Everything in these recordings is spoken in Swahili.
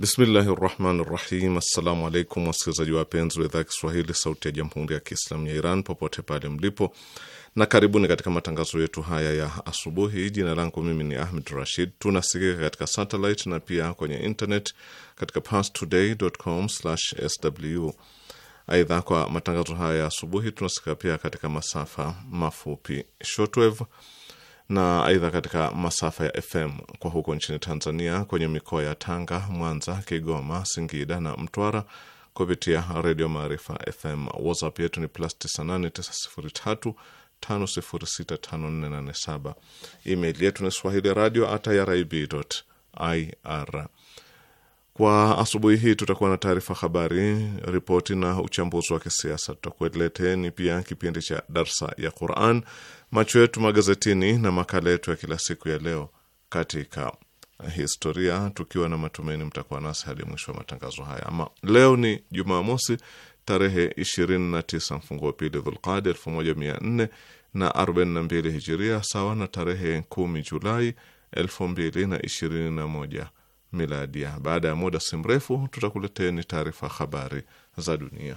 Bismillahi rahmani rahim. Assalamu alaikum wasikilizaji wapenzi wa idhaa Kiswahili sauti ya jamhuri ya Kiislamu ya Iran popote pale mlipo, na karibuni katika matangazo yetu haya ya asubuhi. Jina langu mimi ni Ahmed Rashid. Tunasikika katika satellite na pia kwenye internet katika pastodaycom sw Aidha, kwa matangazo haya ya asubuhi tunasikika pia katika masafa mafupi shortwave na aidha katika masafa ya FM kwa huko nchini Tanzania, kwenye mikoa ya Tanga, Mwanza, Kigoma, Singida na Mtwara kupitia Redio Maarifa FM. WhatsApp yetu ni plus 98 Email yetu ni swahili radio at irib ir. Kwa asubuhi hii tutakuwa na taarifa habari, ripoti na uchambuzi wa kisiasa. Tutakuleteni pia kipindi cha darsa ya Quran macho yetu magazetini na makala yetu ya kila siku ya leo katika historia, tukiwa na matumaini mtakuwa nasi hadi mwisho wa matangazo haya. Ama leo ni Jumamosi tarehe 29 wa pili Dhulqada 1400 na 42 hijiria sawa na tarehe 10 Julai 2021 miladia. Baada ya muda si mrefu, tutakuleteni taarifa habari za dunia.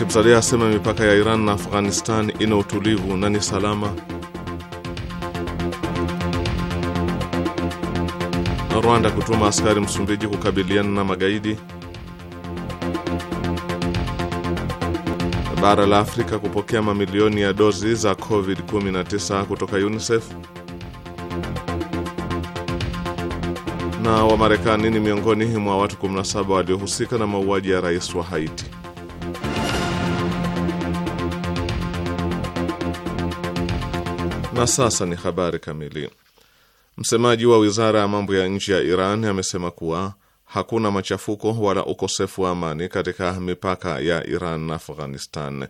Khatibzadeh asema mipaka ya Iran na Afghanistan ina utulivu na ni salama. Rwanda kutuma askari Msumbiji kukabiliana na magaidi. Bara la Afrika kupokea mamilioni ya dozi za COVID-19 kutoka UNICEF. Na Wamarekani ni miongoni mwa watu 17 waliohusika na mauaji ya rais wa Haiti. Na sasa ni habari kamili. Msemaji wa wizara ya mambo ya nje ya Iran amesema kuwa hakuna machafuko wala ukosefu wa amani katika mipaka ya Iran na Afghanistan.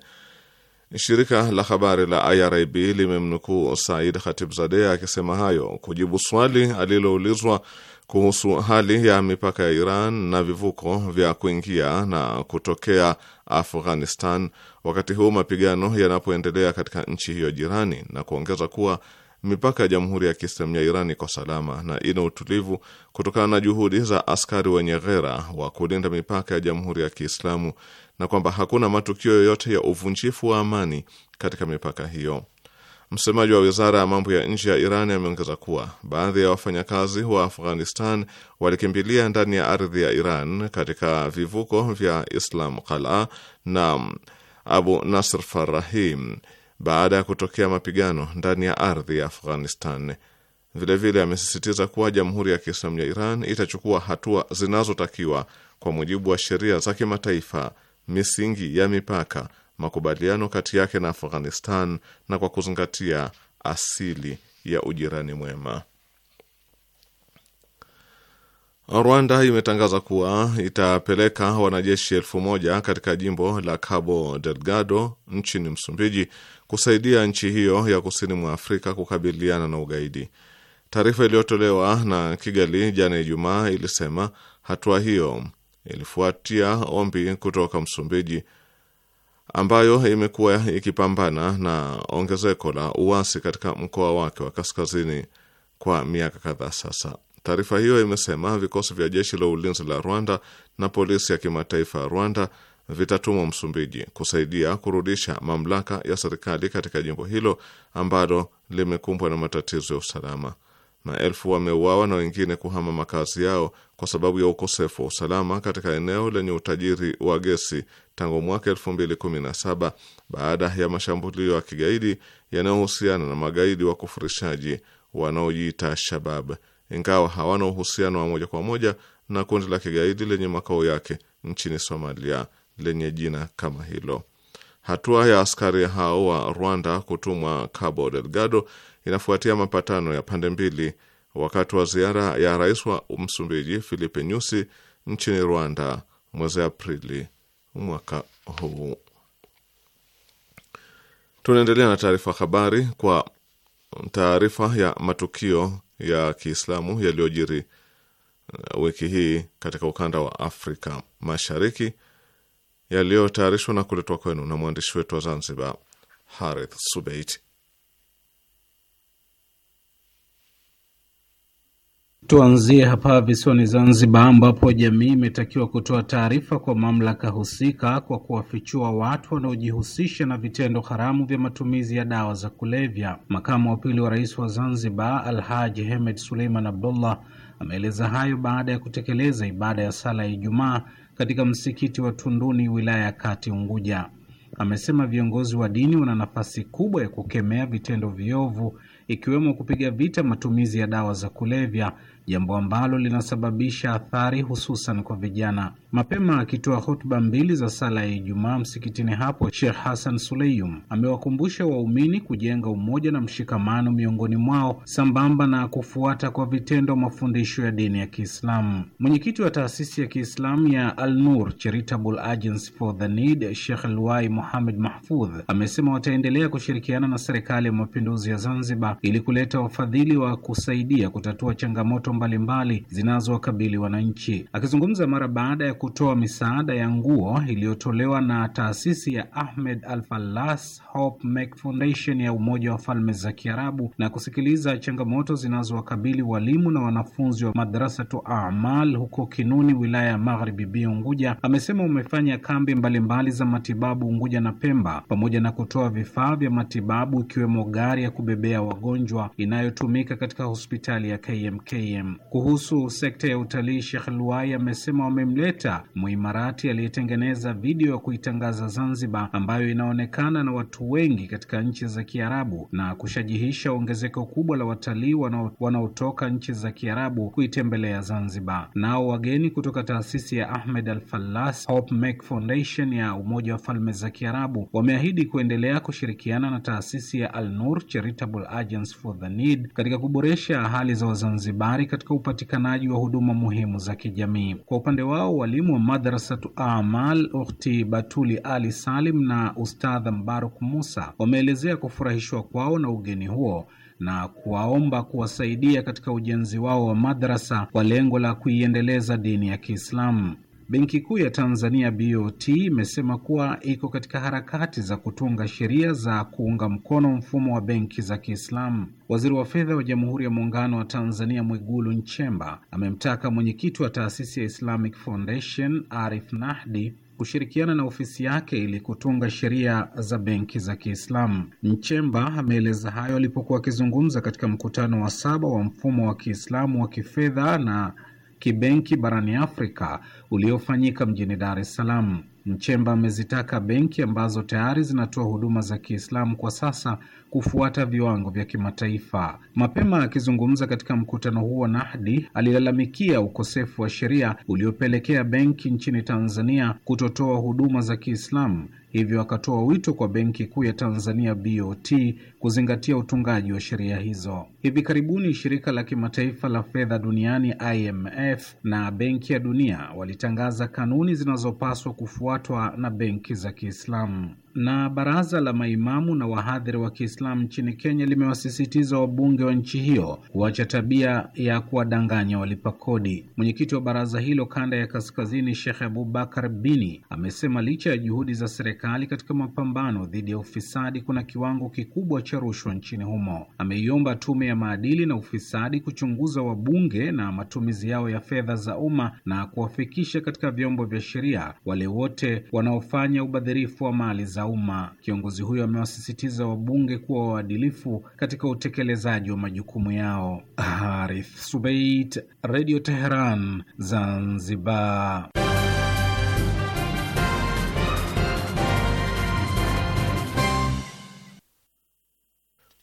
Shirika la habari la IRIB limemnukuu Said Khatibzadeh akisema hayo kujibu swali aliloulizwa kuhusu hali ya mipaka ya Iran na vivuko vya kuingia na kutokea Afghanistan wakati huu mapigano yanapoendelea katika nchi hiyo jirani, na kuongeza kuwa mipaka ya Jamhuri ya Kiislamu ya Iran iko salama na ina utulivu kutokana na juhudi za askari wenye ghera wa kulinda mipaka ya Jamhuri ya Kiislamu na kwamba hakuna matukio yoyote ya uvunjifu wa amani katika mipaka hiyo. Msemaji wa wizara ya mambo ya nje ya Iran ameongeza kuwa baadhi ya wafanyakazi wa Afghanistan walikimbilia ndani ya ardhi ya Iran katika vivuko vya Islam Qala na Abu Nasr Farahim baada ya kutokea mapigano ndani ya ardhi ya Afghanistan. Vilevile amesisitiza kuwa Jamhuri ya Kiislamu ya Iran itachukua hatua zinazotakiwa kwa mujibu wa sheria za kimataifa, misingi ya mipaka, makubaliano kati yake na Afghanistan na kwa kuzingatia asili ya ujirani mwema. Rwanda imetangaza kuwa itapeleka wanajeshi elfu moja katika jimbo la Cabo Delgado nchini Msumbiji kusaidia nchi hiyo ya kusini mwa Afrika kukabiliana na ugaidi. Taarifa iliyotolewa na Kigali jana Ijumaa ilisema hatua hiyo ilifuatia ombi kutoka Msumbiji ambayo imekuwa ikipambana na ongezeko la uasi katika mkoa wake wa kaskazini kwa miaka kadhaa sasa. Taarifa hiyo imesema vikosi vya jeshi la ulinzi la Rwanda na polisi ya kimataifa ya Rwanda vitatumwa Msumbiji kusaidia kurudisha mamlaka ya serikali katika jimbo hilo ambalo limekumbwa na matatizo ya usalama. Maelfu wameuawa na wengine kuhama makazi yao kwa sababu ya ukosefu wa usalama katika eneo lenye utajiri wa gesi tangu mwaka 2017 baada ya mashambulio ya kigaidi yanayohusiana na magaidi wa kufurishaji wanaojiita Shabab ingawa hawana uhusiano wa moja kwa moja na kundi la kigaidi lenye makao yake nchini Somalia lenye jina kama hilo. Hatua ya askari hao wa Rwanda kutumwa Cabo Delgado inafuatia mapatano ya pande mbili wakati wa ziara ya rais wa Msumbiji Filipe Nyusi nchini Rwanda mwezi Aprili mwaka huu. Tunaendelea na taarifa habari kwa taarifa ya matukio ya Kiislamu yaliyojiri uh, wiki hii katika ukanda wa Afrika Mashariki yaliyotayarishwa na kuletwa kwenu na mwandishi wetu wa Zanzibar Harith Subeiti. Tuanzie hapa visiwani Zanzibar ambapo jamii imetakiwa kutoa taarifa kwa mamlaka husika kwa kuwafichua watu wanaojihusisha na vitendo haramu vya matumizi ya dawa za kulevya. Makamu wa pili wa rais wa Zanzibar Alhaji Hemed Suleiman Abdullah ameeleza hayo baada ya kutekeleza ibada ya sala ya Ijumaa katika msikiti wa Tunduni, wilaya ya Kati, Unguja. Amesema viongozi wa dini wana nafasi kubwa ya kukemea vitendo viovu, ikiwemo kupiga vita matumizi ya dawa za kulevya jambo ambalo linasababisha athari hususan kwa vijana. Mapema akitoa hotuba mbili za sala ya Ijumaa msikitini hapo, Sheikh Hassan Suleyum amewakumbusha waumini kujenga umoja na mshikamano miongoni mwao sambamba na kufuata kwa vitendo mafundisho ya dini ya Kiislamu. Mwenyekiti wa taasisi ya Kiislamu ya Al-Nur Charitable Agency for the Need, Sheikh Luai Muhamed Mahfudh amesema wataendelea kushirikiana na serikali ya mapinduzi ya Zanzibar ili kuleta wafadhili wa kusaidia kutatua changamoto mbalimbali zinazowakabili wananchi. Akizungumza mara baada ya kutoa misaada ya nguo iliyotolewa na taasisi ya Ahmed Al-Fallas Hope Make Foundation ya Umoja wa Falme za Kiarabu na kusikiliza changamoto zinazowakabili walimu na wanafunzi wa Madrasatu Amal huko Kinuni, wilaya ya Magharibi B Unguja, amesema umefanya kambi mbalimbali za matibabu Unguja na Pemba pamoja na kutoa vifaa vya matibabu ikiwemo gari ya kubebea wagonjwa inayotumika katika hospitali ya KMKM. Kuhusu sekta ya utalii, Sheikh Luai amesema wamemleta Muimarati aliyetengeneza video ya kuitangaza Zanzibar ambayo inaonekana na watu wengi katika nchi za Kiarabu na kushajihisha ongezeko kubwa la watalii wanaotoka nchi za Kiarabu kuitembelea Zanzibar. Nao wageni kutoka taasisi ya Ahmed Al-Fallas Hope Make Foundation ya Umoja wa Falme za Kiarabu wameahidi kuendelea kushirikiana na taasisi ya Al-Nur Charitable Agency for the Need katika kuboresha hali za Wazanzibari katika upatikanaji wa huduma muhimu za kijamii. Kwa upande wao, walimu wa Madrasatu Amal Ukhti Batuli Ali Salim na Ustadha Mbaruk Musa wameelezea kufurahishwa kwao na ugeni huo na kuwaomba kuwasaidia katika ujenzi wao wa madrasa kwa lengo la kuiendeleza dini ya Kiislamu. Benki Kuu ya Tanzania BOT imesema kuwa iko katika harakati za kutunga sheria za kuunga mkono mfumo wa benki za Kiislamu. Waziri wa Fedha wa Jamhuri ya Muungano wa Tanzania Mwigulu Nchemba amemtaka mwenyekiti wa taasisi ya Islamic Foundation Arif Nahdi kushirikiana na ofisi yake ili kutunga sheria za benki za Kiislamu. Nchemba ameeleza hayo alipokuwa akizungumza katika mkutano wa saba wa mfumo wa Kiislamu wa kifedha na kibenki barani Afrika uliofanyika mjini Dar es Salaam. Mchemba amezitaka benki ambazo tayari zinatoa huduma za Kiislamu kwa sasa kufuata viwango vya kimataifa. Mapema akizungumza katika mkutano huo, Nahdi alilalamikia ukosefu wa sheria uliopelekea benki nchini Tanzania kutotoa huduma za Kiislamu hivyo akatoa wito kwa Benki Kuu ya Tanzania BOT kuzingatia utungaji wa sheria hizo. Hivi karibuni shirika la kimataifa la fedha duniani IMF na Benki ya Dunia walitangaza kanuni zinazopaswa kufuatwa na benki za Kiislamu. Na baraza la maimamu na wahadhiri wa Kiislamu nchini Kenya limewasisitiza wabunge wa nchi hiyo kuacha tabia ya kuwadanganya walipa kodi. Mwenyekiti wa baraza hilo kanda ya kaskazini, Sheikh Abubakar Bini, amesema licha ya juhudi za serikali katika mapambano dhidi ya ufisadi, kuna kiwango kikubwa cha rushwa nchini humo. Ameiomba tume ya maadili na ufisadi kuchunguza wabunge na matumizi yao ya fedha za umma na kuwafikisha katika vyombo vya sheria wale wote wanaofanya ubadhirifu wa mali za za umma. Kiongozi huyo amewasisitiza wabunge kuwa waadilifu katika utekelezaji wa majukumu yao. Harith Subait, Radio Teheran, Zanzibar.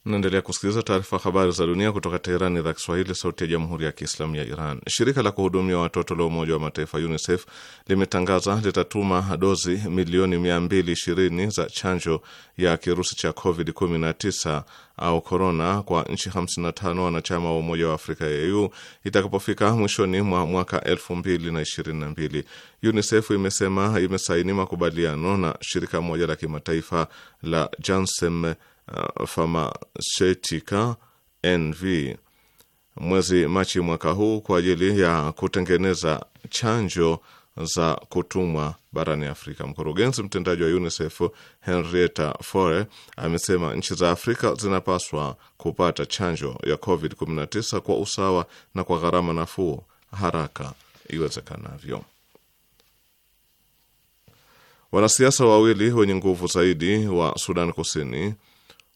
Naendelea kusikiliza taarifa habari za dunia kutoka Teherani, idhaa Kiswahili, sauti ya jamhuri ya kiislamu ya Iran. Shirika la kuhudumia watoto la Umoja wa Mataifa UNICEF limetangaza litatuma dozi milioni 220 za chanjo ya kirusi cha COVID-19 au korona kwa nchi 55 wanachama wa Umoja wa Afrika ya EU itakapofika mwishoni mwa mwaka 2022. UNICEF imesema imesaini makubaliano na shirika moja la kimataifa la Janssen uh, Pharmaceutica NV mwezi Machi mwaka huu kwa ajili ya kutengeneza chanjo za kutumwa barani Afrika. Mkurugenzi mtendaji wa UNICEF Henrietta Fore amesema nchi za Afrika zinapaswa kupata chanjo ya COVID-19 kwa usawa na kwa gharama nafuu haraka iwezekanavyo. Wanasiasa wawili wenye nguvu zaidi wa Sudan Kusini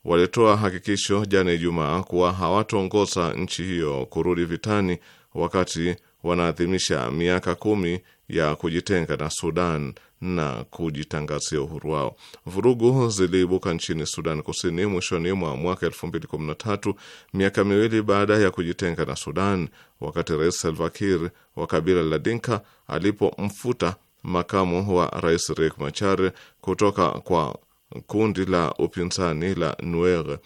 walitoa hakikisho jana Ijumaa kuwa hawatoongoza nchi hiyo kurudi vitani wakati wanaadhimisha miaka kumi ya kujitenga na Sudan na kujitangazia uhuru wao. Vurugu ziliibuka nchini Sudan Kusini mwishoni mwa mwaka tatu, miaka miwili baada ya kujitenga na Sudan, wakati Rais Salva Kiir wa kabila la Dinka alipomfuta makamu wa rais Riek Machar kutoka kwa kundi la upinzani la Nuer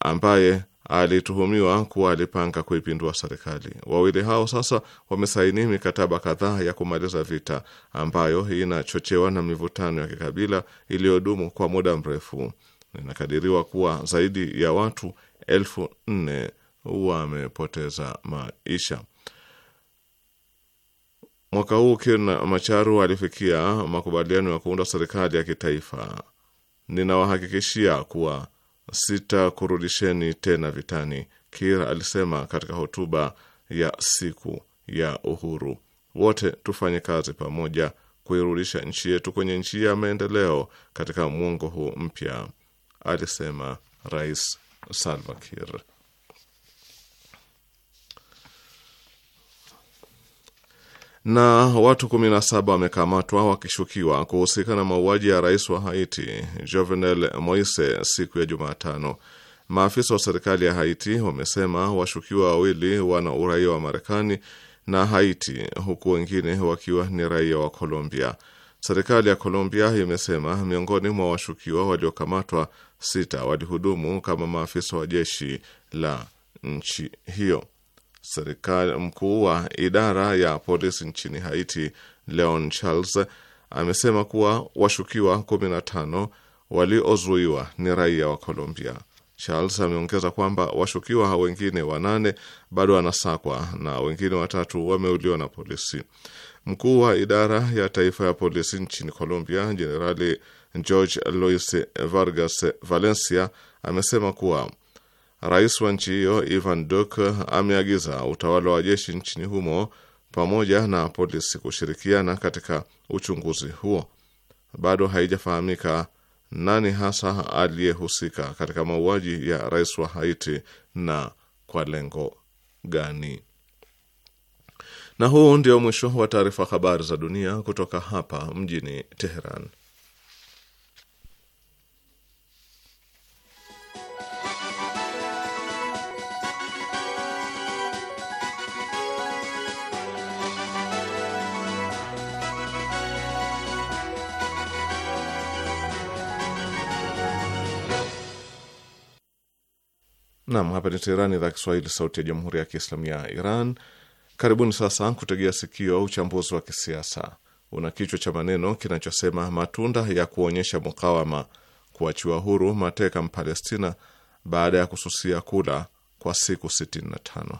ambaye alituhumiwa kuwa alipanga kuipindua serikali. Wawili hao sasa wamesaini mikataba kadhaa ya kumaliza vita ambayo inachochewa na mivutano ya kikabila iliyodumu kwa muda mrefu. Inakadiriwa kuwa zaidi ya watu elfu nne wamepoteza maisha. Mwaka huu Kirna Macharu alifikia makubaliano ya kuunda serikali ya kitaifa ninawahakikishia kuwa sitakurudisheni tena vitani, Kir alisema katika hotuba ya siku ya uhuru. Wote tufanye kazi pamoja kuirudisha nchi yetu kwenye njia ya maendeleo katika mwongo huu mpya, alisema Rais Salva na watu 17 wamekamatwa wakishukiwa kuhusika na mauaji ya rais wa Haiti Jovenel Moise siku ya Jumatano. Maafisa wa serikali ya Haiti wamesema washukiwa wawili wana uraia wa Marekani na Haiti, huku wengine wakiwa ni raia wa Colombia. Serikali ya Colombia imesema miongoni mwa washukiwa waliokamatwa, sita walihudumu kama maafisa wa jeshi la nchi hiyo serikali mkuu wa idara ya polisi nchini Haiti Leon Charles amesema kuwa washukiwa 15 waliozuiwa ni raia wa Colombia. Charles ameongeza kwamba washukiwa wengine wanane bado wanasakwa na wengine watatu wameuliwa na polisi. Mkuu wa idara ya taifa ya polisi nchini Colombia, Jenerali George Luis Vargas Valencia amesema kuwa Rais wa nchi hiyo Ivan Duk ameagiza utawala wa jeshi nchini humo pamoja na polisi kushirikiana katika uchunguzi huo. Bado haijafahamika nani hasa aliyehusika katika mauaji ya rais wa Haiti na kwa lengo gani. Na huu ndio mwisho wa taarifa habari za dunia kutoka hapa mjini Teheran. Nam, hapa ni Teherani, idhaa Kiswahili, sauti ya jamhuri ya kiislamu ya Iran. Karibuni sasa kutegea sikio uchambuzi wa kisiasa una kichwa cha maneno kinachosema matunda ya kuonyesha mukawama, kuachiwa huru mateka Mpalestina baada ya kususia kula kwa siku 65.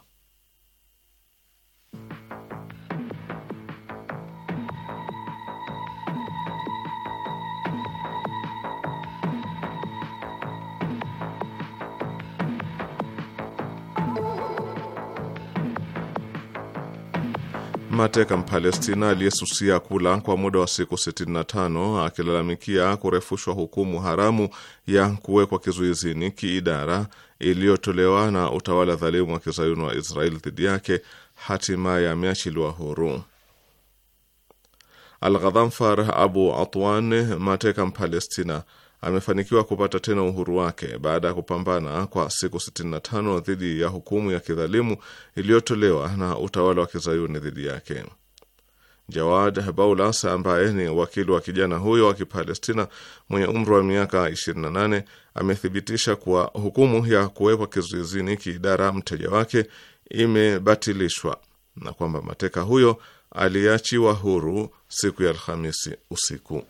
mateka Mpalestina aliyesusia kula kwa muda wa siku 65 akilalamikia kurefushwa hukumu haramu ya kuwekwa kizuizini kiidara iliyotolewa na utawala dhalimu wa kizayuni wa Israeli dhidi yake hatimaye ameachiliwa huru. Alghadhamfar Abu Atwan, mateka Mpalestina amefanikiwa kupata tena uhuru wake baada ya kupambana kwa siku 65 dhidi ya hukumu ya kidhalimu iliyotolewa na utawala wa kizayuni dhidi yake. Jawad Baulas ambaye ni wakili wa kijana huyo wa Kipalestina mwenye umri wa miaka 28 amethibitisha kuwa hukumu ya kuwekwa kizuizini kiidara mteja wake imebatilishwa na kwamba mateka huyo aliachiwa huru siku ya Alhamisi usiku.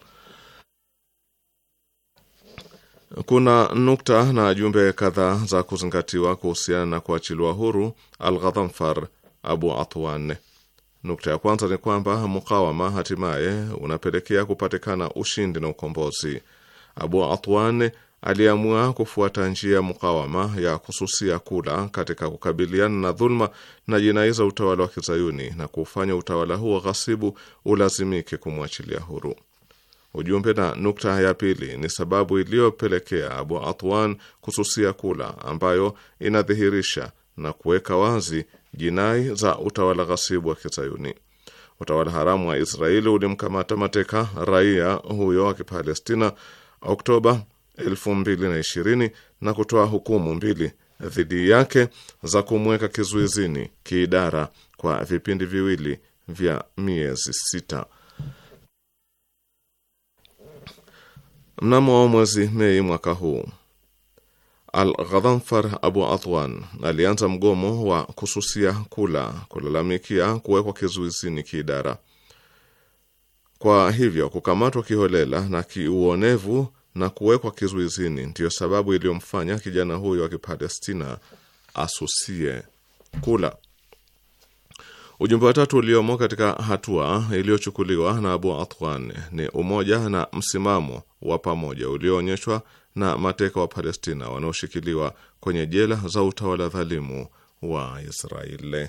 Kuna nukta na jumbe kadhaa za kuzingatiwa kuhusiana na kuachiliwa huru Alghadhamfar Abu Atwan. Nukta ya kwanza ni kwamba mukawama hatimaye unapelekea kupatikana ushindi na ukombozi. Abu Atwan aliamua kufuata njia ya mukawama ya kususia kula katika kukabiliana na dhuluma na jinai za utawala wa Kizayuni na kuufanya utawala huo ghasibu ulazimike kumwachilia huru. Ujumbe na nukta ya pili ni sababu iliyopelekea Abu Atwan kususia kula, ambayo inadhihirisha na kuweka wazi jinai za utawala ghasibu wa Kizayuni. Utawala haramu wa Israeli ulimkamata mateka raia huyo wa Kipalestina Oktoba 2020 na kutoa hukumu mbili dhidi yake za kumweka kizuizini kiidara kwa vipindi viwili vya miezi sita. Mnamo mwezi Mei mwaka huu Al-Ghadhanfar Abu Atwan alianza mgomo wa kususia kula kulalamikia kuwekwa kizuizini kiidara. Kwa hivyo kukamatwa kiholela na kiuonevu na kuwekwa kizuizini ndiyo sababu iliyomfanya kijana huyo wa Kipalestina asusie kula. Ujumbe wa tatu uliomo katika hatua iliyochukuliwa na Abu Atwan ni umoja na msimamo wa pamoja ulioonyeshwa na mateka wa Palestina wanaoshikiliwa kwenye jela za utawala dhalimu wa Israeli.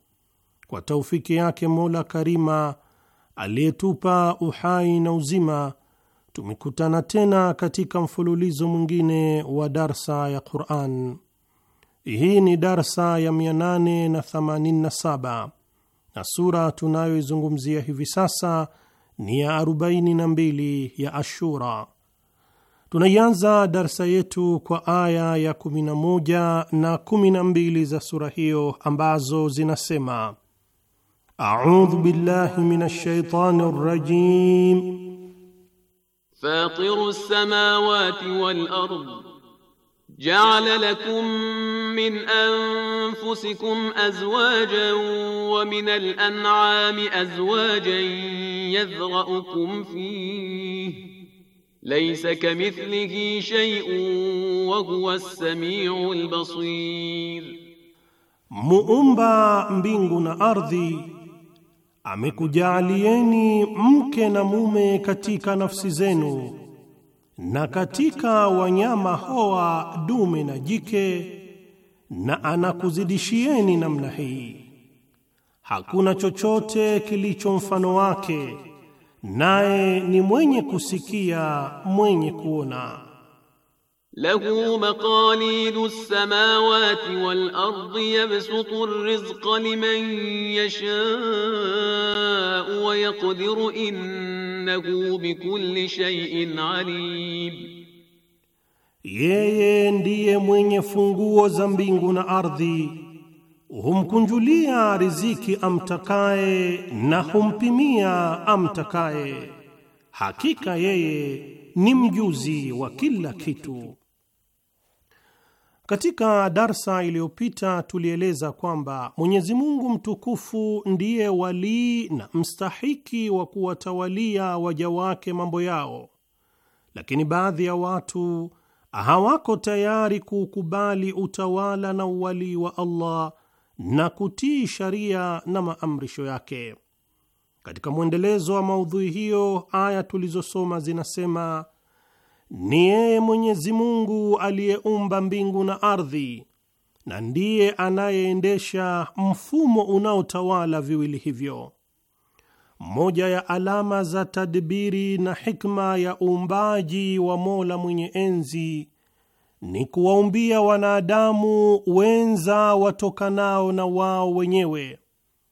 kwa taufiki yake Mola Karima aliyetupa uhai na uzima, tumekutana tena katika mfululizo mwingine wa darsa ya Quran. Hii ni darsa ya 887 na sura tunayoizungumzia hivi sasa ni ya 42 ya Ashura. Tunaianza darsa yetu kwa aya ya 11 na 12 za sura hiyo ambazo zinasema: أعوذ بالله من الشيطان الرجيم فاطر السماوات والأرض جعل لكم من أنفسكم أزواجا ومن الأنعام أزواجا يذرأكم فيه ليس كمثله شيء وهو السميع البصير مؤمبا بنغنا أرضي amekujaalieni mke na mume katika nafsi zenu na katika wanyama hoa dume na jike, na anakuzidishieni namna hii. Hakuna chochote kilicho mfano wake, naye ni mwenye kusikia, mwenye kuona lahu maqalidu samawati wal ardi yabsutu rizqa liman yashau wa yaqdiru innahu bikulli shay'in alim, yeye ndiye mwenye funguo za mbingu na ardhi, humkunjulia riziki amtakaye na humpimia amtakaye, hakika yeye ni mjuzi wa kila kitu. Katika darsa iliyopita tulieleza kwamba Mwenyezi Mungu mtukufu ndiye walii na mstahiki wa kuwatawalia waja wake mambo yao, lakini baadhi ya watu hawako tayari kuukubali utawala na uwalii wa Allah na kutii sharia na maamrisho yake. Katika mwendelezo wa maudhui hiyo, aya tulizosoma zinasema ni yeye Mwenyezi Mungu aliyeumba mbingu na ardhi, na ndiye anayeendesha mfumo unaotawala viwili hivyo. Moja ya alama za tadbiri na hikma ya uumbaji wa Mola mwenye enzi ni kuwaumbia wanadamu wenza watokanao na wao wenyewe,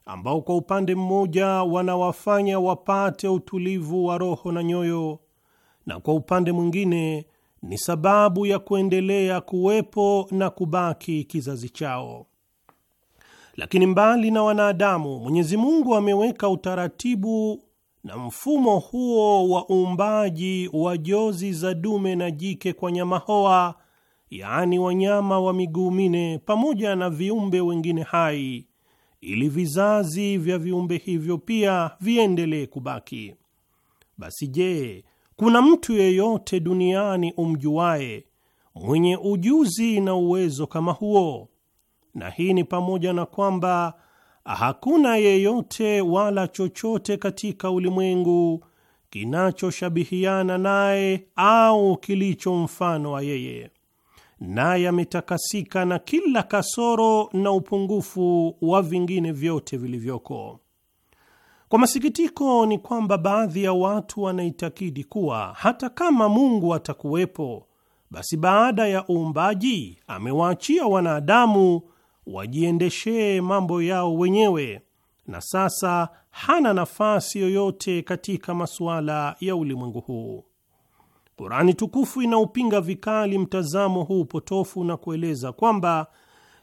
ambao kwa upande mmoja wanawafanya wapate utulivu wa roho na nyoyo na kwa upande mwingine ni sababu ya kuendelea kuwepo na kubaki kizazi chao. Lakini mbali na wanadamu, Mwenyezi Mungu ameweka utaratibu na mfumo huo wa uumbaji wa jozi za dume na jike kwa nyama hoa, yaani wanyama wa miguu minne pamoja na viumbe wengine hai, ili vizazi vya viumbe hivyo pia viendelee kubaki. Basi je, kuna mtu yeyote duniani umjuaye mwenye ujuzi na uwezo kama huo? Na hii ni pamoja na kwamba hakuna yeyote wala chochote katika ulimwengu kinachoshabihiana naye au kilicho mfano wa yeye, naye ametakasika na kila kasoro na upungufu wa vingine vyote vilivyoko. Kwa masikitiko ni kwamba baadhi ya watu wanaitakidi kuwa hata kama Mungu atakuwepo, basi baada ya uumbaji amewaachia wanadamu wajiendeshee mambo yao wenyewe, na sasa hana nafasi yoyote katika masuala ya ulimwengu huu. Kurani tukufu inaupinga vikali mtazamo huu potofu na kueleza kwamba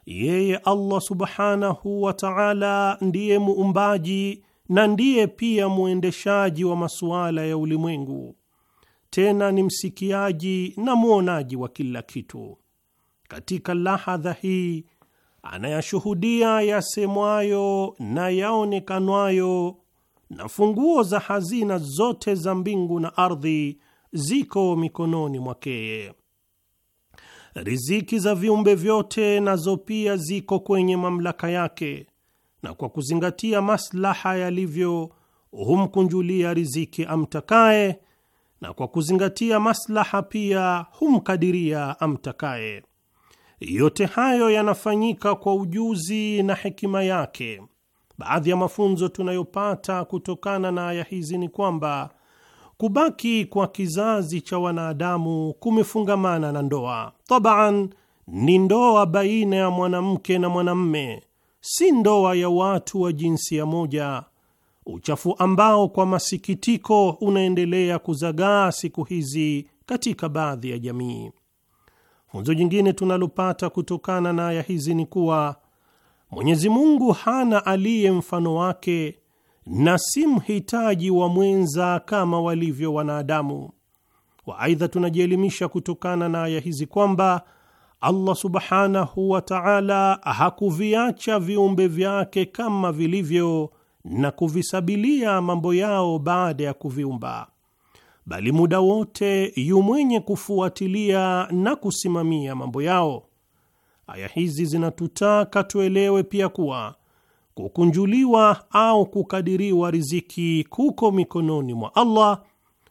yeye Allah subhanahu wa ta'ala ndiye muumbaji na ndiye pia mwendeshaji wa masuala ya ulimwengu, tena ni msikiaji na mwonaji wa kila kitu. Katika lahadha hii anayashuhudia yasemwayo na yaonekanwayo, na funguo za hazina zote za mbingu na ardhi ziko mikononi mwakeye. Riziki za viumbe vyote nazo pia ziko kwenye mamlaka yake na kwa kuzingatia maslaha yalivyo humkunjulia riziki amtakaye, na kwa kuzingatia maslaha pia humkadiria amtakaye. Yote hayo yanafanyika kwa ujuzi na hekima yake. Baadhi ya mafunzo tunayopata kutokana na aya hizi ni kwamba kubaki kwa kizazi cha wanadamu kumefungamana na ndoa. Tabaan ni ndoa baina ya mwanamke na mwanamme si ndoa ya watu wa jinsia moja, uchafu ambao kwa masikitiko unaendelea kuzagaa siku hizi katika baadhi ya jamii. Funzo jingine tunalopata kutokana na aya hizi ni kuwa Mwenyezi Mungu hana aliye mfano wake na si mhitaji wa mwenza kama walivyo wanadamu wa. Aidha, tunajielimisha kutokana na aya hizi kwamba Allah subhanahu wa ta'ala hakuviacha viumbe vyake kama vilivyo na kuvisabilia mambo yao baada ya kuviumba, bali muda wote yu mwenye kufuatilia na kusimamia mambo yao. Aya hizi zinatutaka tuelewe pia kuwa kukunjuliwa au kukadiriwa riziki kuko mikononi mwa Allah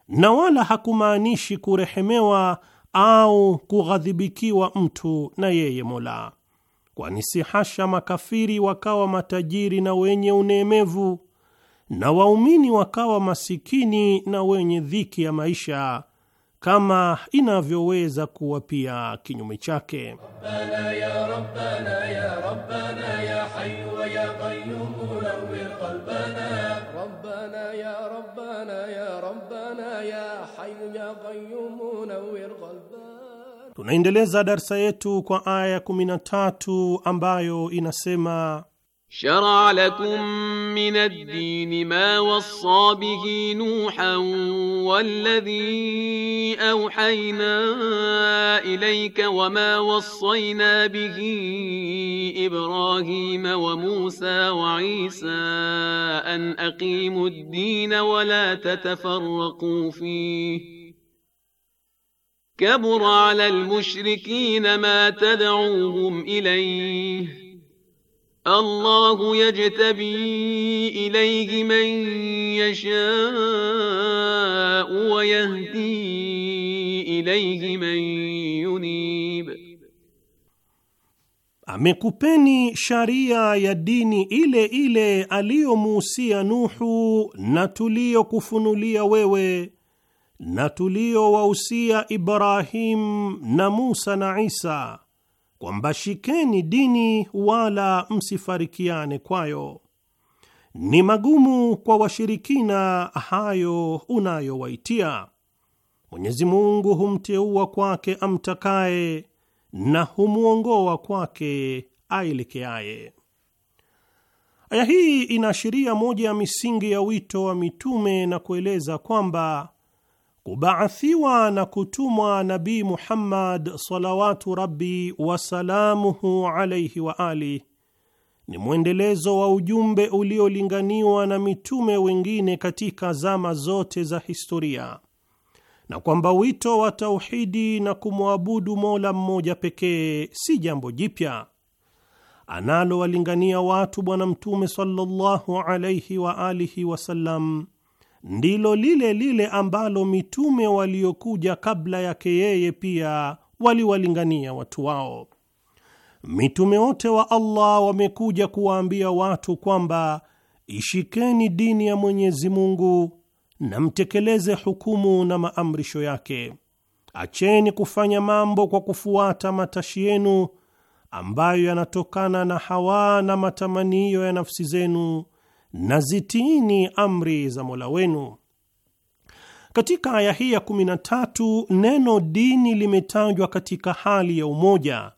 na wala hakumaanishi kurehemewa au kughadhibikiwa mtu na yeye Mola, kwani si hasha makafiri wakawa matajiri na wenye uneemevu na waumini wakawa masikini na wenye dhiki ya maisha kama inavyoweza kuwa pia kinyume chake. Tunaendeleza darsa yetu kwa aya 13 ambayo inasema شرع لكم من الدين ما وصى به نوحا والذي اوحينا اليك وما وصينا به ابراهيم وموسى وعيسى ان اقيموا الدين ولا تتفرقوا فيه كبر على المشركين ما تدعوهم اليه Allahu yajtabi ilayhi man yashau wa yahdi ilayhi man yunib, amekupeni sharia ya dini ile ile aliyomuusia Nuhu na tuliyokufunulia wewe na tuliyowausia Ibrahim na Musa na Isa kwamba shikeni dini wala msifarikiane kwayo. Ni magumu kwa washirikina hayo unayowaitia. Mwenyezi Mungu humteua kwake amtakaye na humwongoa kwake aelekeaye. Aya hii inaashiria moja ya misingi ya wito wa mitume na kueleza kwamba kubaathiwa na kutumwa nabi Muhammad salawatu rabi wasalamuhu alaihi wa ali ni mwendelezo wa ujumbe uliolinganiwa na mitume wengine katika zama zote za historia, na kwamba wito wa tauhidi na kumwabudu Mola mmoja pekee si jambo jipya analowalingania watu Bwana Mtume sallallahu alaihi wa alihi wasallam ndilo lile lile ambalo mitume waliokuja kabla yake yeye pia waliwalingania watu wao. Mitume wote wa Allah wamekuja kuwaambia watu kwamba ishikeni dini ya Mwenyezi Mungu na mtekeleze hukumu na maamrisho yake. Acheni kufanya mambo kwa kufuata matashi yenu ambayo yanatokana na hawa na matamanio ya nafsi zenu na zitiini amri za Mola wenu. Katika aya hii ya 13 neno dini limetajwa katika hali ya umoja,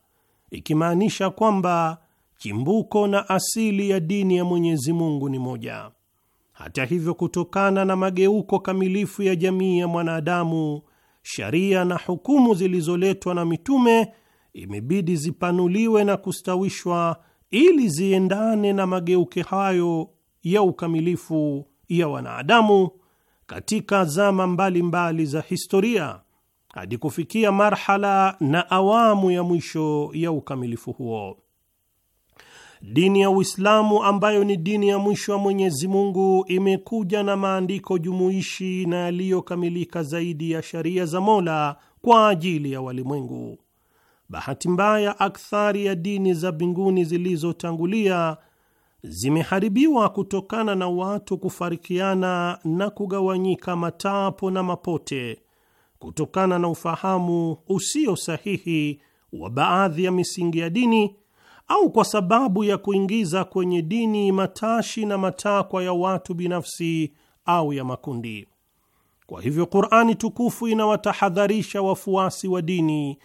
ikimaanisha kwamba chimbuko na asili ya dini ya Mwenyezi Mungu ni moja. Hata hivyo, kutokana na mageuko kamilifu ya jamii ya mwanadamu, sharia na hukumu zilizoletwa na mitume imebidi zipanuliwe na kustawishwa ili ziendane na mageuke hayo ya ukamilifu ya wanadamu katika zama mbalimbali mbali za historia hadi kufikia marhala na awamu ya mwisho ya ukamilifu huo. Dini ya Uislamu ambayo ni dini ya mwisho wa Mwenyezi Mungu imekuja na maandiko jumuishi na yaliyokamilika zaidi ya sharia za Mola kwa ajili ya walimwengu. Bahati mbaya, akthari ya dini za mbinguni zilizotangulia zimeharibiwa kutokana na watu kufarikiana na kugawanyika matapo na mapote, kutokana na ufahamu usio sahihi wa baadhi ya misingi ya dini, au kwa sababu ya kuingiza kwenye dini matashi na matakwa ya watu binafsi au ya makundi. Kwa hivyo, Qur'ani tukufu inawatahadharisha wafuasi wa dini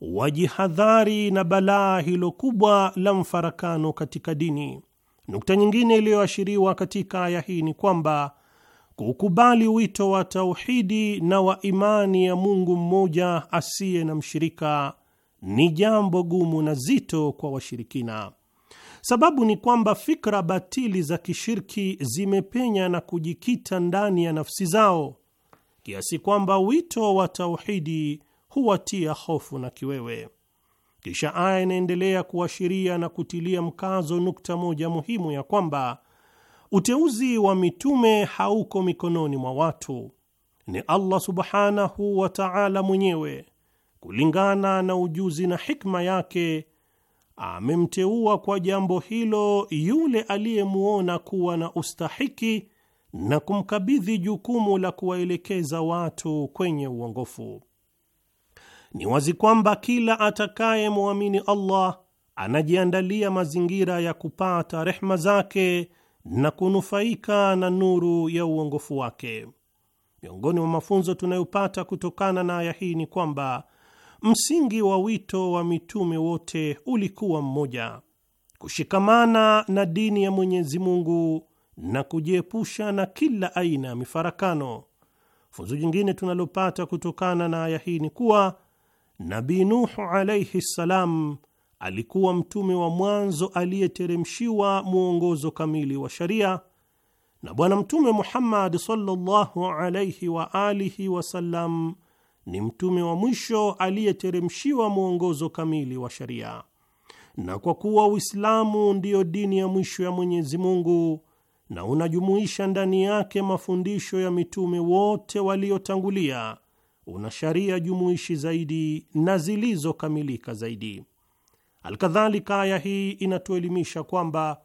wajihadhari na balaa hilo kubwa la mfarakano katika dini. Nukta nyingine iliyoashiriwa katika aya hii ni kwamba kukubali wito wa tauhidi na wa imani ya Mungu mmoja asiye na mshirika ni jambo gumu na zito kwa washirikina. Sababu ni kwamba fikra batili za kishirki zimepenya na kujikita ndani ya nafsi zao kiasi kwamba wito wa tauhidi huwatia hofu na kiwewe. Kisha aya inaendelea kuashiria na kutilia mkazo nukta moja muhimu ya kwamba uteuzi wa mitume hauko mikononi mwa watu, ni Allah subhanahu wa ta'ala mwenyewe kulingana na ujuzi na hikma yake amemteua kwa jambo hilo yule aliyemwona kuwa na ustahiki na kumkabidhi jukumu la kuwaelekeza watu kwenye uongofu. Ni wazi kwamba kila atakaye mwamini Allah anajiandalia mazingira ya kupata rehma zake na kunufaika na nuru ya uongofu wake. Miongoni mwa mafunzo tunayopata kutokana na aya hii ni kwamba msingi wa wito wa mitume wote ulikuwa mmoja: kushikamana na dini ya Mwenyezi Mungu na kujiepusha na kila aina ya mifarakano. Funzo jingine tunalopata kutokana na aya hii ni kuwa Nabii Nuhu alaihi ssalam alikuwa mtume wa mwanzo aliyeteremshiwa mwongozo kamili wa sharia, na Bwana Mtume Muhammad sallallahu alaihi wa alihi wasallam ni mtume wa mwisho aliyeteremshiwa mwongozo kamili wa sharia. Na kwa kuwa Uislamu ndiyo dini ya mwisho ya Mwenyezi Mungu na unajumuisha ndani yake mafundisho ya mitume wote waliotangulia una sharia jumuishi zaidi na zilizokamilika zaidi. Alkadhalika, aya hii inatuelimisha kwamba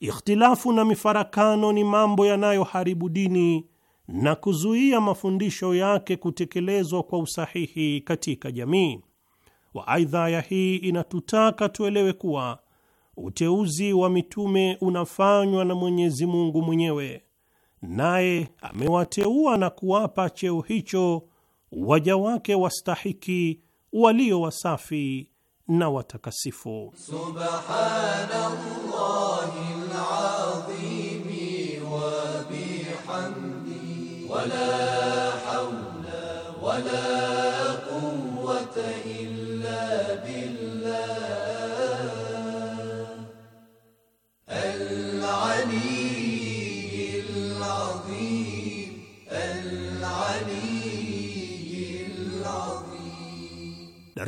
ikhtilafu na mifarakano ni mambo yanayoharibu dini na kuzuia mafundisho yake kutekelezwa kwa usahihi katika jamii. wa Aidha, aya hii inatutaka tuelewe kuwa uteuzi wa mitume unafanywa na Mwenyezi Mungu mwenyewe, naye amewateua na kuwapa cheo hicho waja wake wastahiki walio wasafi na watakasifu. Subhanallah.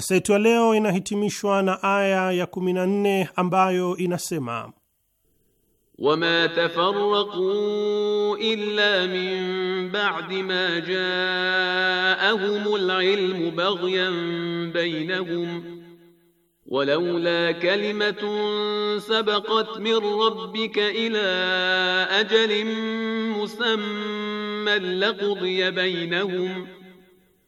Darsa yetu ya leo inahitimishwa na aya ya 14 ambayo inasema wama tafarraqu illa min ba'di ma ja'ahum al-'ilm baghyan bainahum ولولا كلمة سبقت من ربك إلى أجل مسمى لقضي بينهم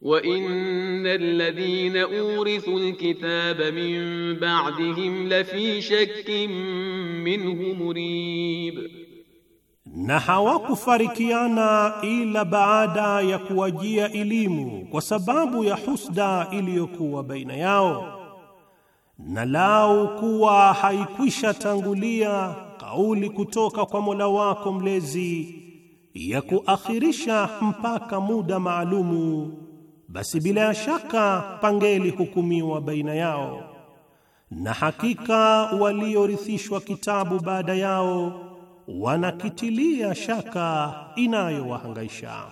wa innal ladhina urithu alkitaba min ba'dihim lafi shakkin minhu murib, na hawakufarikiana ila baada ya kuwajia elimu kwa sababu ya husda iliyokuwa baina yao, na lau kuwa haikwisha tangulia kauli kutoka kwa Mola wako mlezi ya kuakhirisha mpaka muda maalumu basi bila shaka pangelihukumiwa baina yao, na hakika waliorithishwa kitabu baada yao wanakitilia shaka inayowahangaisha.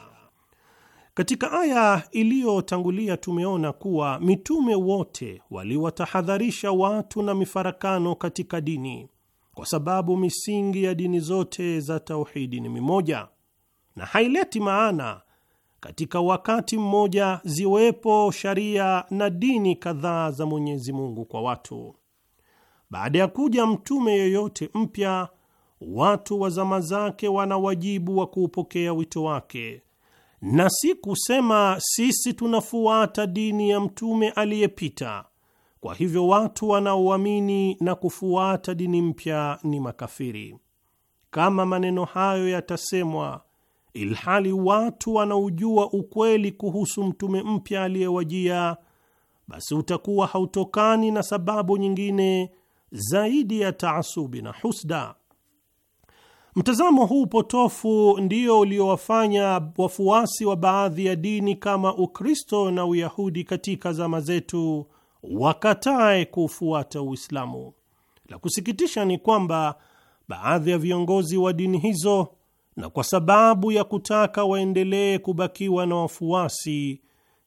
Katika aya iliyotangulia tumeona kuwa mitume wote waliwatahadharisha watu na mifarakano katika dini, kwa sababu misingi ya dini zote za tauhidi ni mimoja na haileti maana katika wakati mmoja ziwepo sharia na dini kadhaa za Mwenyezi Mungu kwa watu. Baada ya kuja mtume yoyote mpya, watu wa zama zake wana wajibu wa kuupokea wito wake, na si kusema sisi tunafuata dini ya mtume aliyepita, kwa hivyo watu wanaoamini na kufuata dini mpya ni makafiri. Kama maneno hayo yatasemwa ilhali watu wanaujua ukweli kuhusu mtume mpya aliyewajia, basi utakuwa hautokani na sababu nyingine zaidi ya taasubi na husda. Mtazamo huu potofu ndio uliowafanya wafuasi wa baadhi ya dini kama Ukristo na Uyahudi katika zama zetu wakatae kuufuata Uislamu. La kusikitisha ni kwamba baadhi ya viongozi wa dini hizo na kwa sababu ya kutaka waendelee kubakiwa na wafuasi,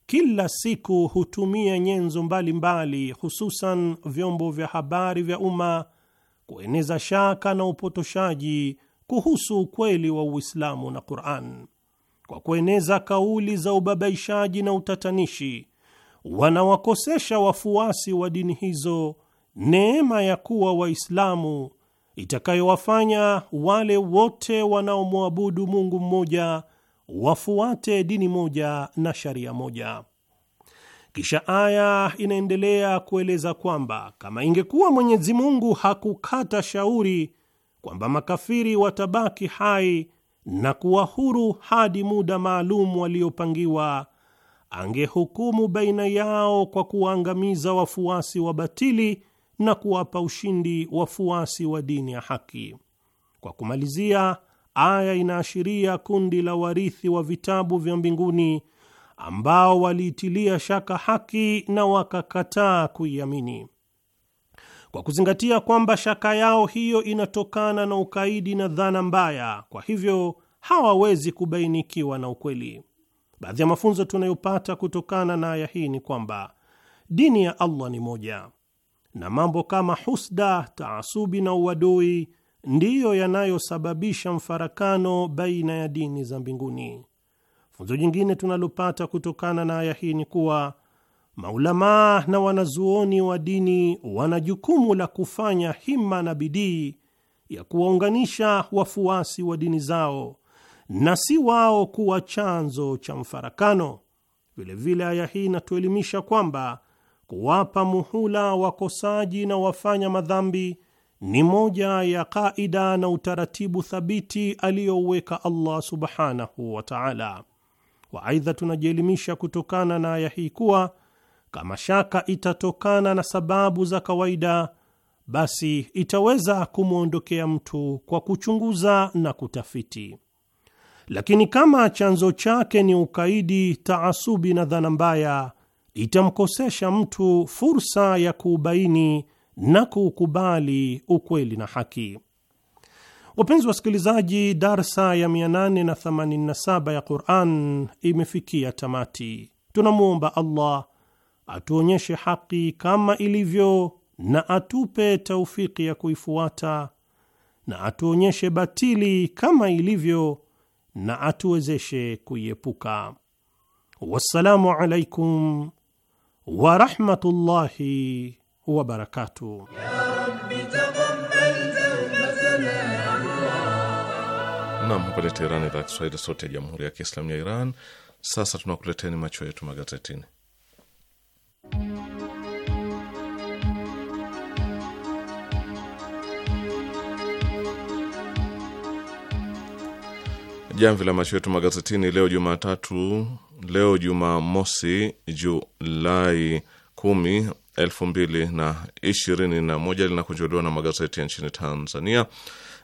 kila siku hutumia nyenzo mbalimbali, hususan vyombo vya habari vya umma kueneza shaka na upotoshaji kuhusu ukweli wa Uislamu na Qur'an. Kwa kueneza kauli za ubabaishaji na utatanishi, wanawakosesha wafuasi wa dini hizo neema ya kuwa Waislamu itakayowafanya wale wote wanaomwabudu Mungu mmoja wafuate dini moja na sharia moja. Kisha aya inaendelea kueleza kwamba kama ingekuwa Mwenyezi Mungu hakukata shauri kwamba makafiri watabaki hai na kuwa huru hadi muda maalum waliopangiwa, angehukumu baina yao kwa kuwaangamiza wafuasi wa batili na kuwapa ushindi wafuasi wa dini ya haki. Kwa kumalizia, aya inaashiria kundi la warithi wa vitabu vya mbinguni ambao waliitilia shaka haki na wakakataa kuiamini. Kwa kuzingatia kwamba shaka yao hiyo inatokana na ukaidi na dhana mbaya, kwa hivyo hawawezi kubainikiwa na ukweli. Baadhi ya mafunzo tunayopata kutokana na aya hii ni kwamba dini ya Allah ni moja na mambo kama husda, taasubi na uadui ndiyo yanayosababisha mfarakano baina ya dini za mbinguni. Funzo jingine tunalopata kutokana na aya hii ni kuwa maulamaa na wanazuoni wa dini wana jukumu la kufanya himma na bidii ya kuwaunganisha wafuasi wa dini zao na si wao kuwa chanzo cha mfarakano. Vilevile aya hii inatuelimisha kwamba kuwapa muhula wakosaji na wafanya madhambi ni moja ya kaida na utaratibu thabiti aliyouweka Allah subhanahu wa ta'ala. Wa aidha, tunajielimisha kutokana na aya hii kuwa kama shaka itatokana na sababu za kawaida, basi itaweza kumwondokea mtu kwa kuchunguza na kutafiti, lakini kama chanzo chake ni ukaidi, taasubi na dhana mbaya itamkosesha mtu fursa ya kuubaini na kuukubali ukweli na haki. Wapenzi wasikilizaji, darsa ya 887 ya Quran imefikia tamati. Tunamwomba Allah atuonyeshe haki kama ilivyo na atupe taufiki ya kuifuata na atuonyeshe batili kama ilivyo na atuwezeshe kuiepuka. Wassalamu alaikum wa rahmatullahi wa barakatuh. Nam, hapa ni idhaa ya Kiswahili, sauti ya jamhuri ya kiislamu ya Iran. Sasa tunakuleteni macho yetu magazetini. Jamvi la macho yetu magazetini leo Jumatatu leo Jumamosi Julai kumi elfu mbili na ishirini na moja linakunjuliwa na magazeti ya nchini Tanzania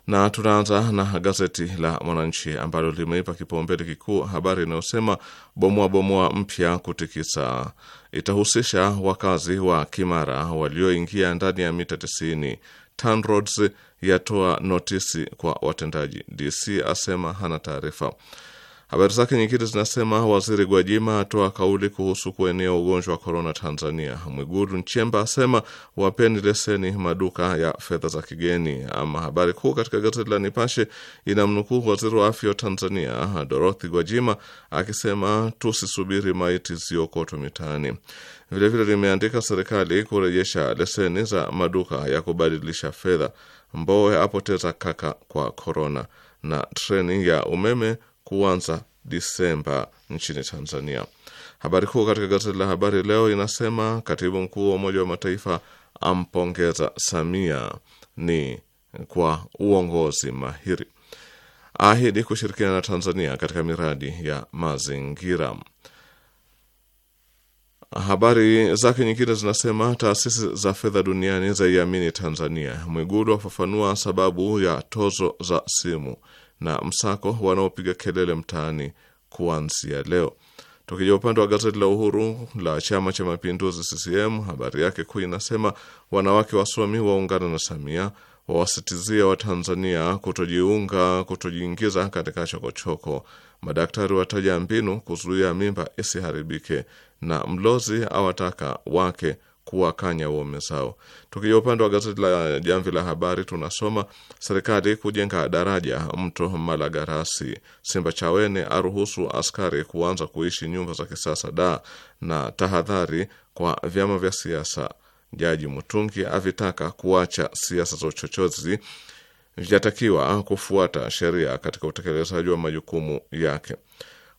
na tunaanza na gazeti la Mwananchi ambalo limeipa kipaumbele kikuu habari inayosema bomoa bomoa mpya kutikisa. Itahusisha wakazi wa Kimara walioingia ndani ya mita 90. TANROADS yatoa notisi kwa watendaji, DC asema hana taarifa. Habari zake nyingine zinasema waziri Gwajima atoa kauli kuhusu kuenea ugonjwa wa korona Tanzania. Mwigulu Nchemba asema wapeni leseni maduka ya fedha za kigeni. Ama habari kuu katika gazeti la Nipashe inamnukuu waziri wa afya wa Tanzania Dorothy Gwajima akisema tusisubiri maiti ziokotwe mitaani. Vilevile limeandika serikali kurejesha leseni za maduka ya kubadilisha fedha. Mbowe apoteza kaka kwa korona, na treni ya umeme kuanza Disemba nchini Tanzania. Habari kuu katika gazeti la Habari Leo inasema katibu mkuu wa Umoja wa Mataifa ampongeza Samia ni kwa uongozi mahiri, ahidi kushirikiana na Tanzania katika miradi ya mazingira. Habari zake nyingine zinasema taasisi za fedha duniani zaiamini Tanzania. Mwigulu afafanua sababu ya tozo za simu na msako wanaopiga kelele mtaani kuanzia leo. Tukija upande wa gazeti la Uhuru la Chama cha Mapinduzi CCM, habari yake kuu inasema wanawake wasomi waungana na Samia wawasitizia Watanzania kutojiunga kutojiingiza katika chokochoko Madaktari wataja mbinu kuzuia mimba isiharibike na mlozi awataka wake kuwakanya waume zao. Tukija upande wa gazeti la Jamvi la Habari tunasoma serikali kujenga daraja mto Malagarasi, Simba Chawene aruhusu askari kuanza kuishi nyumba za kisasa da na tahadhari kwa vyama vya siasa. Jaji Mutungi avitaka kuacha siasa za uchochozi, vyatakiwa kufuata sheria katika utekelezaji wa majukumu yake.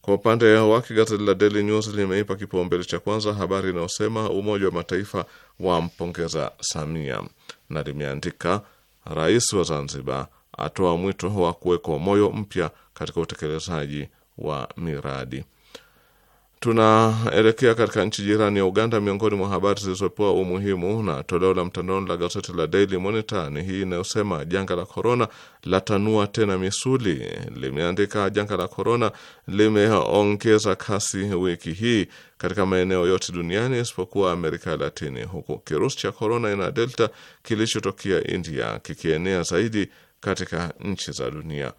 Kwa upande wake gazeti la Daily News limeipa kipaumbele cha kwanza habari inayosema Umoja wa Mataifa wampongeza Samia, na limeandika rais wa Zanzibar atoa mwito wa kuwekwa moyo mpya katika utekelezaji wa miradi. Tunaelekea katika nchi jirani ya Uganda. Miongoni mwa habari zilizopewa umuhimu na toleo la mtandaoni la gazeti la Daily Monitor ni hii inayosema janga la korona latanua tena misuli. Limeandika janga la korona limeongeza kasi wiki hii katika maeneo yote duniani isipokuwa Amerika ya Latini, huku kirusi cha korona ina delta kilichotokea India kikienea zaidi katika nchi za dunia.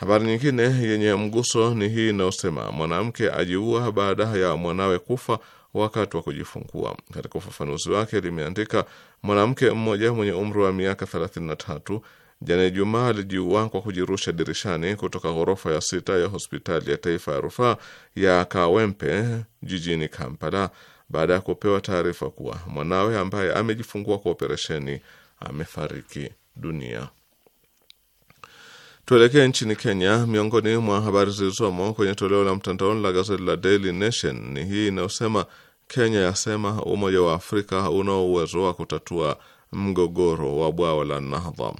Habari nyingine yenye mguso ni hii inayosema mwanamke ajiua baada ya mwanawe kufa wakati wa kujifungua. Katika ufafanuzi wake limeandika, mwanamke mmoja mwenye umri wa miaka 33 jana Ijumaa alijiua kwa kujirusha dirishani kutoka ghorofa ya sita ya hospitali ya taifa ya rufaa ya Kawempe jijini Kampala baada ya kupewa taarifa kuwa mwanawe ambaye amejifungua kwa operesheni amefariki dunia. Tuelekee nchini Kenya. Miongoni mwa habari zilizomo kwenye toleo la mtandaoni la gazeti la Daily Nation ni hii inayosema Kenya yasema Umoja wa Afrika una uwezo wa kutatua mgogoro wa bwawa la Nahdha.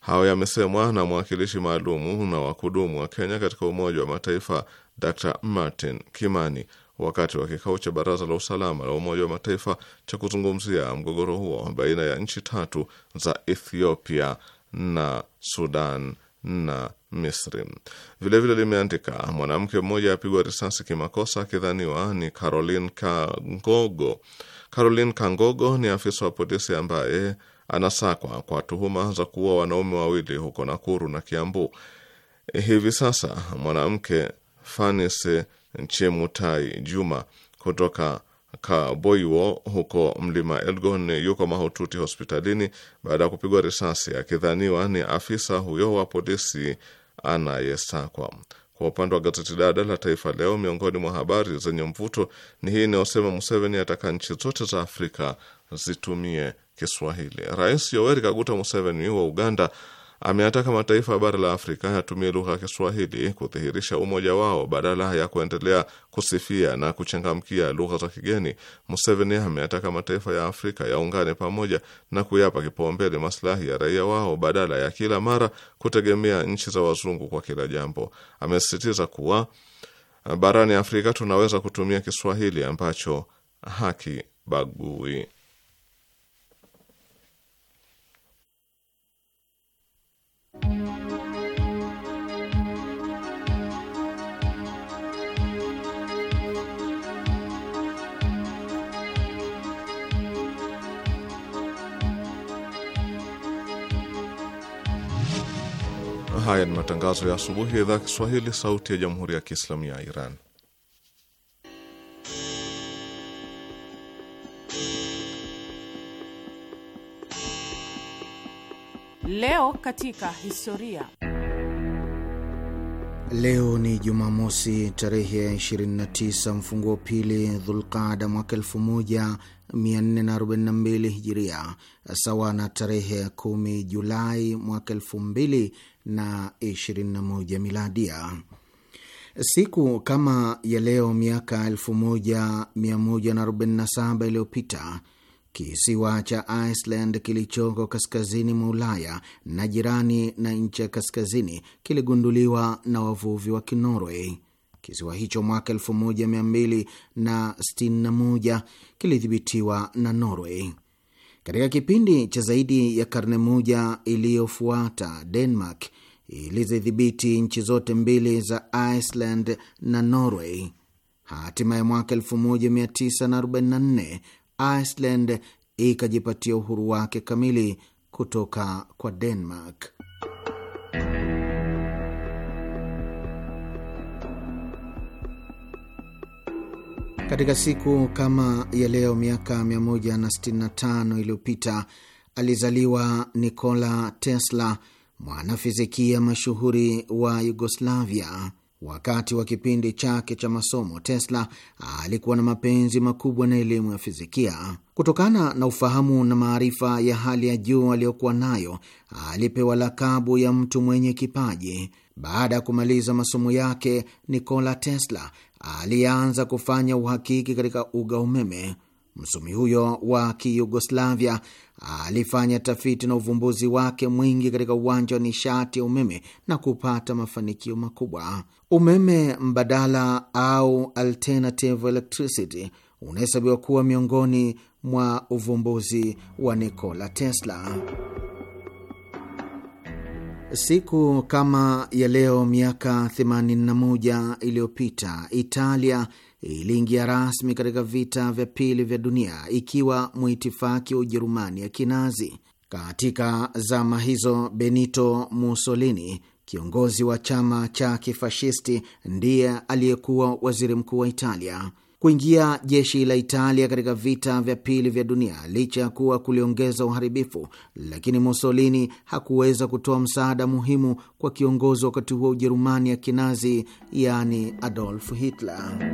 Hayo yamesemwa na mwakilishi maalumu na wakudumu wa Kenya katika Umoja wa Mataifa Dr Martin Kimani wakati wa kikao cha Baraza la Usalama la Umoja wa Mataifa cha kuzungumzia mgogoro huo baina ya nchi tatu za Ethiopia na Sudan na Misri. Vilevile limeandika mwanamke mmoja apigwa risasi kimakosa akidhaniwa ni Caroline Kangogo. Caroline Kangogo ni afisa wa polisi ambaye anasakwa kwa tuhuma za kuua wanaume wawili huko Nakuru na Kiambu. Hivi sasa mwanamke Fanise Chemutai Juma kutoka Kaboiwo huko mlima Elgon yuko mahututi hospitalini baada ya kupigwa risasi akidhaniwa ni afisa huyo wa polisi anayesakwa. Kwa upande wa gazeti dada la Taifa Leo, miongoni mwa habari zenye mvuto ni hii inayosema Museveni ataka nchi zote za Afrika zitumie Kiswahili. Rais Yoweri Kaguta Museveni wa Uganda ameataka mataifa ya bara la Afrika yatumie lugha ya Kiswahili kudhihirisha umoja wao badala ya kuendelea kusifia na kuchangamkia lugha za kigeni. Museveni ameataka mataifa ya Afrika yaungane pamoja na kuyapa kipaumbele maslahi ya raia wao badala ya kila mara kutegemea nchi za wazungu kwa kila jambo. Amesisitiza kuwa barani Afrika tunaweza kutumia Kiswahili ambacho hakibagui. Haya ni matangazo ya asubuhi ya idhaa Kiswahili sauti ya jamhuri ya Kiislamu ya Iran. Leo katika historia. Leo ni Jumamosi tarehe ya 29 mfunguo pili Dhulqada mwaka el1 442 hijiria sawa na tarehe 10 Julai mwaka 2021 miladia. Siku kama ya leo miaka 1147 iliyopita kisiwa cha Iceland kilichoko kaskazini mwa Ulaya na jirani na nchi ya kaskazini kiligunduliwa na wavuvi wa Kinorway. Kisiwa hicho mwaka 1261 kilidhibitiwa na Norway. Katika kipindi cha zaidi ya karne moja iliyofuata, Denmark ilizidhibiti nchi zote mbili za Iceland na Norway. Hatima ya mwaka 1944 Iceland ikajipatia uhuru wake kamili kutoka kwa Denmark. Katika siku kama ya leo miaka 165 iliyopita alizaliwa Nikola Tesla, mwanafizikia mashuhuri wa Yugoslavia. Wakati wa kipindi chake cha masomo, Tesla alikuwa na mapenzi makubwa na elimu ya fizikia. Kutokana na ufahamu na maarifa ya hali ya juu aliyokuwa nayo, alipewa lakabu ya mtu mwenye kipaji. Baada ya kumaliza masomo yake, Nikola Tesla alianza kufanya uhakiki katika uga umeme. Msomi huyo wa Kiyugoslavia alifanya tafiti na uvumbuzi wake mwingi katika uwanja wa nishati ya umeme na kupata mafanikio makubwa. Umeme mbadala au alternative electricity unahesabiwa kuwa miongoni mwa uvumbuzi wa Nikola Tesla. Siku kama ya leo miaka 81 iliyopita Italia iliingia rasmi katika vita vya pili vya dunia ikiwa mwitifaki wa Ujerumani ya Kinazi. Katika zama hizo, Benito Mussolini, kiongozi wa chama cha kifashisti, ndiye aliyekuwa waziri mkuu wa Italia kuingia jeshi la Italia katika vita vya pili vya dunia. Licha ya kuwa kuliongeza uharibifu, lakini Mussolini hakuweza kutoa msaada muhimu kwa kiongozi wakati huo Ujerumani ya Kinazi, yaani Adolf Hitler.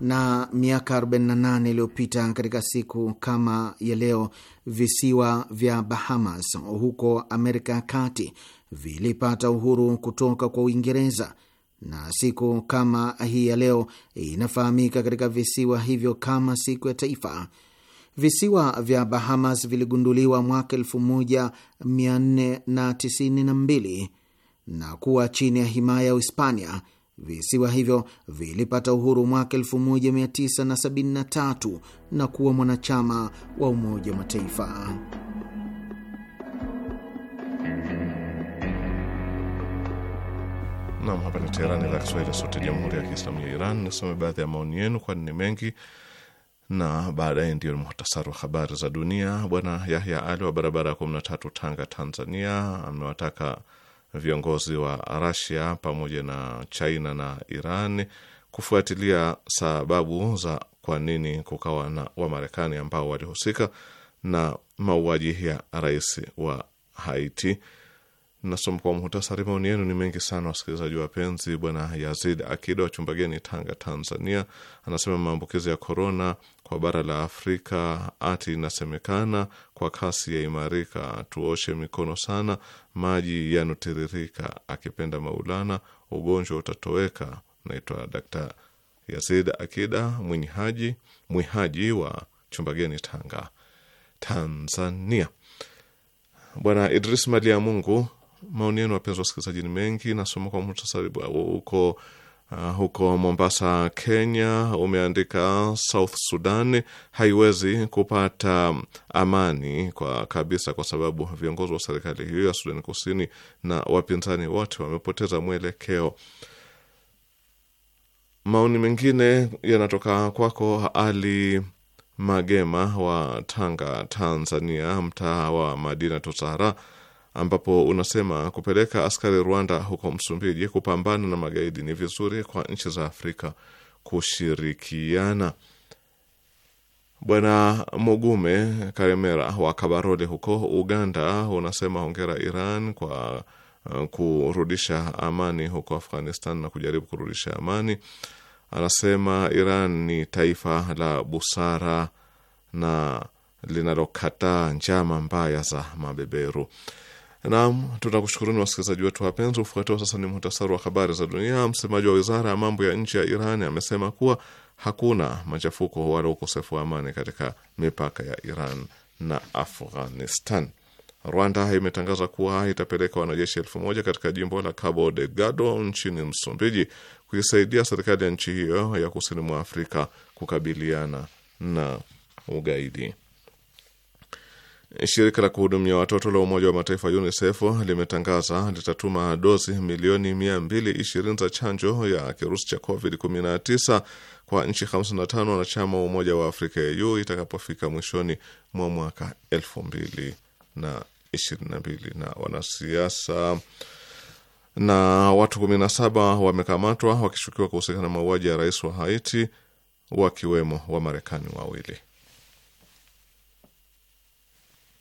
na miaka 48 iliyopita katika siku kama ya leo, visiwa vya Bahamas huko Amerika ya Kati vilipata uhuru kutoka kwa Uingereza, na siku kama hii ya leo inafahamika katika visiwa hivyo kama siku ya taifa. Visiwa vya Bahamas viligunduliwa mwaka 1492 na kuwa chini ya himaya ya Uhispania. Visiwa hivyo vilipata uhuru mwaka 1973 na kuwa mwanachama wa Umoja wa Mataifa. Nam, hapa ni Teherani, idhaa Kiswahili sote jamhuri ya Kiislamu ya Iran. Nisome baadhi ya maoni yenu, kwani ni mengi, na baadaye ndio ni muhtasari wa habari za dunia. Bwana Yahya Ali wa barabara ya kumi na tatu, Tanga, Tanzania, amewataka viongozi wa Rasia pamoja na China na Iran kufuatilia sababu za kwa nini kukawa na Wamarekani ambao walihusika na mauaji ya rais wa Haiti Nasoma kwa muhtasari. Maoni yenu ni mengi sana, wasikilizaji wapenzi. Bwana Yazid Akida wa Chumbageni, Tanga, Tanzania, anasema maambukizi ya korona kwa bara la Afrika ati inasemekana kwa kasi ya imarika. Tuoshe mikono sana, maji yanotiririka. Akipenda Maulana, ugonjwa utatoweka. Naitwa d Yazid Akida Mwinyihaji, mwihaji wa Chumbageni, Tanga, Tanzania. Bwana Idris Mali ya Mungu maoni yenu wapenzi wasikilizaji ni mengi, nasoma kwa muhtasari huko Uh, huko Mombasa, Kenya umeandika South Sudan haiwezi kupata amani kwa kabisa kwa sababu viongozi wa serikali hiyo ya Sudan Kusini na wapinzani wote wamepoteza mwelekeo. Maoni mengine yanatoka kwako Ali Magema wa Tanga, Tanzania, mtaa wa Madina Tusahara ambapo unasema kupeleka askari Rwanda huko Msumbiji kupambana na magaidi ni vizuri kwa nchi za Afrika kushirikiana. Bwana Mugume Karemera wa Kabarole huko Uganda unasema hongera Iran kwa uh, kurudisha amani huko Afghanistan na kujaribu kurudisha amani. Anasema Iran ni taifa la busara na linalokataa njama mbaya za mabeberu. Naam, tunakushukuruni wasikilizaji wetu wapenzi. Ufuatao sasa ni muhtasari wa habari za dunia. Msemaji wa wizara ya mambo ya nje ya Iran amesema kuwa hakuna machafuko wala ukosefu wa amani katika mipaka ya Iran na Afghanistan. Rwanda imetangaza kuwa itapeleka wanajeshi elfu moja katika jimbo la Cabo Delgado nchini Msumbiji kuisaidia serikali ya nchi hiyo ya kusini mwa Afrika kukabiliana na ugaidi. Shirika la kuhudumia watoto la Umoja wa Mataifa UNICEF limetangaza litatuma dozi milioni 220 za chanjo ya kirusi cha COVID-19 kwa nchi 55 wanachama wa Umoja wa Afrika AU itakapofika mwishoni mwa mwaka 2022 na, na wanasiasa na watu 17 wamekamatwa wakishukiwa kuhusika na mauaji ya rais wa Haiti wakiwemo wa marekani wawili.